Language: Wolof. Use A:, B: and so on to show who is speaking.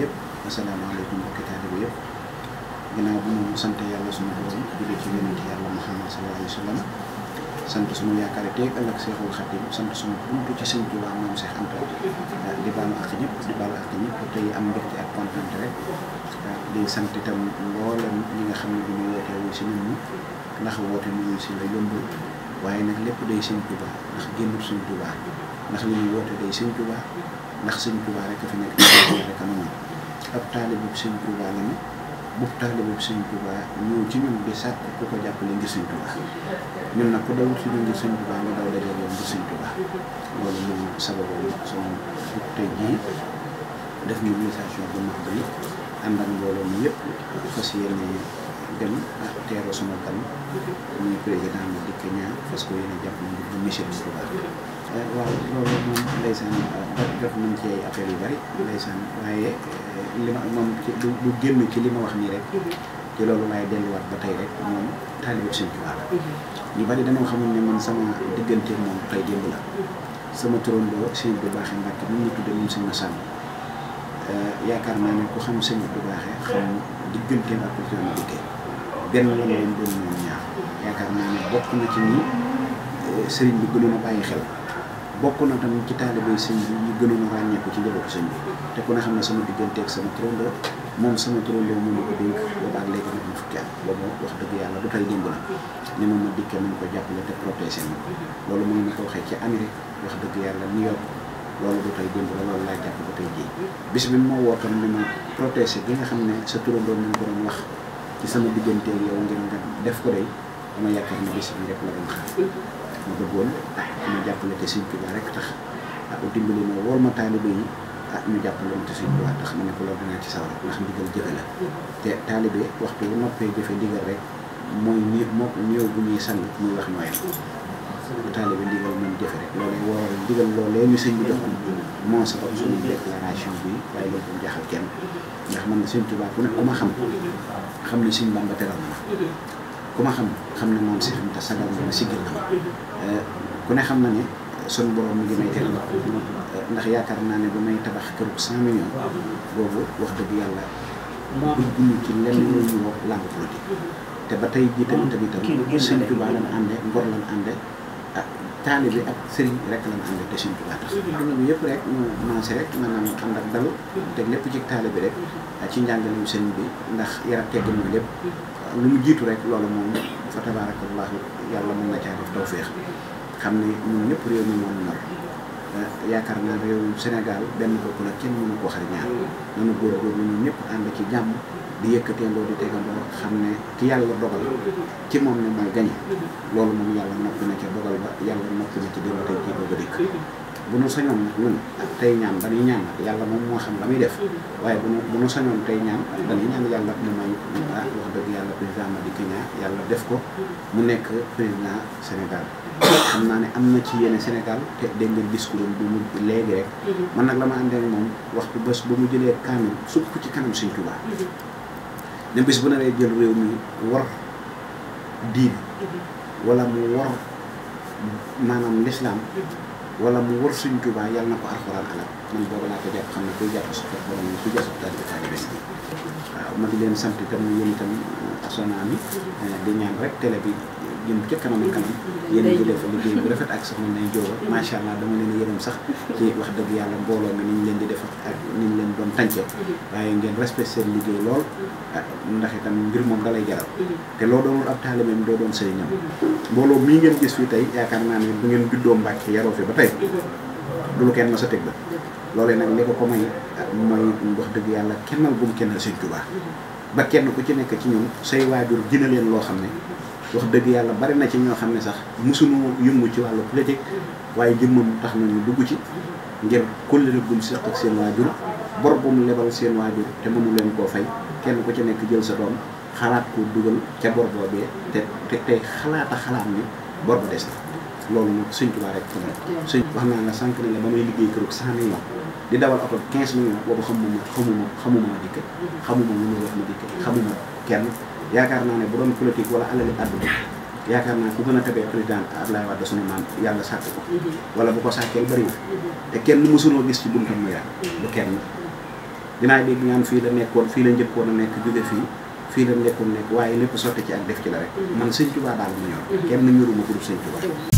A: yëpp asalaamaaleykum mbokki taalibe yëpp ginnaaw bu ñu sant yàlla suñu borom julli ci yonent yàlla Muhammad sallallahu alayhi wa sallam sant suñu yaakaar teeg ëllëg Seexul Xadim sant suñu buntu ci sëñ Tuubaa moom Seex Anta di baalu ak ñëpp di tey am mbégte ak kontaan rek di itam mboolem ñi nga xam ne bi ñu wootee wu si ñun la yombul waaye nag lépp day sëñ Tuubaa ndax génnul sëñ Tuubaa ndax li ñu woote day sëñ Tuubaa ndax sëñ Tuubaa rek a fi nekk rek a ab taalibu Sëñ Tuubaa la ni bu taalibu ci ñun di sàkk ku ko jàppale ngir Sëñ Tuubaa ñun nag ku dawul ci ñun ngir Sëñ Tuubaa nga daw dajee yoon ngir Sëñ Tuubaa loolu moom sababu sama tey jii def mobilisation bu mag bi ànd ak mbooloo mi yëpp fas yéene dem ak teeroo sama gan muy président bi dikk ñaar parce a jàpp ngir bu mission bi waaw loolu moom ndeysaan euh, jox nañ ci ay appels yu bari ndeysaan waaye euh, li ma moom ci du du ci li ma wax nii rek mhm. ci loolu waaye delluwaat ba tey rek moom taalibu Sëñ Tuubaa la mhm. bari dañoo xamul ne man sama diggante moom mhm. sama turandoo bu baaxe Mbàkke mu ñu euh, yaakaar naa ne ku xam sëñ bu baaxe xam digganteem ak ci ma diggee benn la leen bàyyi xel bokk na tam ci taalibe sëñ ñu gënoon a ràññeeku ci njabootu sëñ bi te ku ne xam ne sama diggante ak sama turandoo moom sama turandoo moom la ko dénk boobaak wax dëgg yàlla du tey ni ma ma dikkee nañ ko jàppale te protéger ma loolu mu ngi ko waxee ci Amérique wax dëgg yàlla New York loolu du tey ba tey jii bis bi moo wootoon ni ma protéger bi ne sa turandoo mu ko doon ci sama diggante yow ngir nga def ko day dama yaakaar ne bis rek la doon xaar ma bëggoon ah ñu jàppale te sëñ Tuubaa rek tax ah dimbali ma wóor ma taalibe yi ah ñu jàppaloon te sëñ Tuubaa tax ma ne ko loolu dinaa ci sawar ndax ndigal jëfe te taalibe waxtu noppee jëfe ndigal rek mooy ñi moo ñëw bu ñuy sang muy wax nooyal bu taalibe ndigal jëfe rek loolee waral ndigal bi joxoon moo sabab suñu déclaration bi waaye loolu bu jaaxal kenn ndax man na sëñ Tuubaa ku ne ku xam xam ne sëñ Bamba teral na ku ma xam xam ne moom Cheikh Anta sagal na ma siggal na ma ku ne xam na ne son borom mi ngi may teel euh, ndax yaakaar naa ne ba may tabax këru 100 millions boobu wax dëgg yàlla dugguñu ci lenn lu ñu wax langue politique te ba tey jii tamit tamitam Sëñ Tuubaa lan ànde ngor lan ànde ah, ak taali bi ak sëriñ rek lan yëpp rek ñu mancé rek maanaam ànd ak dal te lépp ci taali bi rek ah, ci mu sëñ bi ndax yaram teggin mooy lépp lu mu jiitu rek loolu moom fa tabaarakallaahu yàlla mën na caa def tawféex xam ne ñun ñëpp réew mi moom nar eh, yaakaar naa réewum Sénégal benn bopp la kenn mënu ko xar ñaar nanu góorgóorlu ñun ñëpp ànd ci jàmm di yëkkateendoo di tegandoo xam ne ki yàlla dogal ci moom ne mooy gañe loolu moom yàlla noppi na ca dogal ba yàlla noppi na ci démb tey jii ba dikk bu nu sañoon nag ñun tey ñaan dañuy ñaan nag yàlla moom moo xam la muy def mm-hmm. waaye bu nu bu nu sañoon tey ñaan dañuy ñaan yàlla mu wax dëgg yàlla président Madické Niang yàlla def ko mm-hmm. mu nekk président Sénégal xam naa ne am na ci yéene Sénégal te dégg nga mu léegi mm-hmm. ma àndee moom waxtu ba mu jëlee kaamil sukk ci kanam si Tuubaa ne bis bu naree jël réew mi war diin wala mu war maanaam l'islam wala mu wër suñ Tuubaa yàlla na ko alxuraan alal man boobu laa ko jàpp xam ne kuy jàpp sa borom waaw ma di leen sant itam yéen itam asonaa mi eh, di ñaan rek télé bi jëm ca kanam ak a ngi def liggéey mm-hmm. a yërëm wax dëgg yàlla mbooloo mi leen di def ak leen doon tàncee mm-hmm. waaye ngeen respecté seen liggéey lool mm-hmm. ah, ndax itam mbir moom dalay jaral te loo doonul ab taalibeem doo doon sëriñam mbooloo mii ngeen gis fii tey yaakaar naa ne bu ngeen juddoo Mbàkke yaroo fi ba tey du lu kenn ma sa teg la loolee nag li ko ko may ah, mooy wax dëgg yàlla kennal bu mu kennal seen ba kenn ku ci nekk ci ñun say waajur gina leen loo xam ne wax dëgg yàlla bari na ci ñoo xam ne sax mosuñu yëngu ci wàllu politique waaye jëmmam tax na ñu dugg ci ngir kóllëre gum seq ak seen waajur bor bu mu lebal seen waajur te mënu leen koo fay kenn ku ci nekk jël sa doom xalaat ko dugal ca bor boobee te te tey xalaata xalaat ni bor bu des na loolu ñu sëñ Tuubaa rek ko wax naa la sànq ne la ba may liggéey kër 100 millions di dawal oto 15 millions boobu xamuma xamuma xamuma ma dikk mm-hmm. xamuma lu may wax kenn yaakaar naa ne bu doon politique wala alali àdduna yaakaar naa ku gën a tabee président Abdoulaye Wade sunu maam yàlla sàkk ko mm-hmm. wala bu ko sàkkee bëri mm-hmm. kenn mësunoo gis ci buntam mu yàq lu kenn dégg ñaan fii la nekkoon fii la njëkkoon a nekk fii fii la nekkoon nekk waaye lépp sotti ci def ci la rek man sëñ Tuubaa daal mu ñor kenn ñoruma groupe sëñ Tuubaa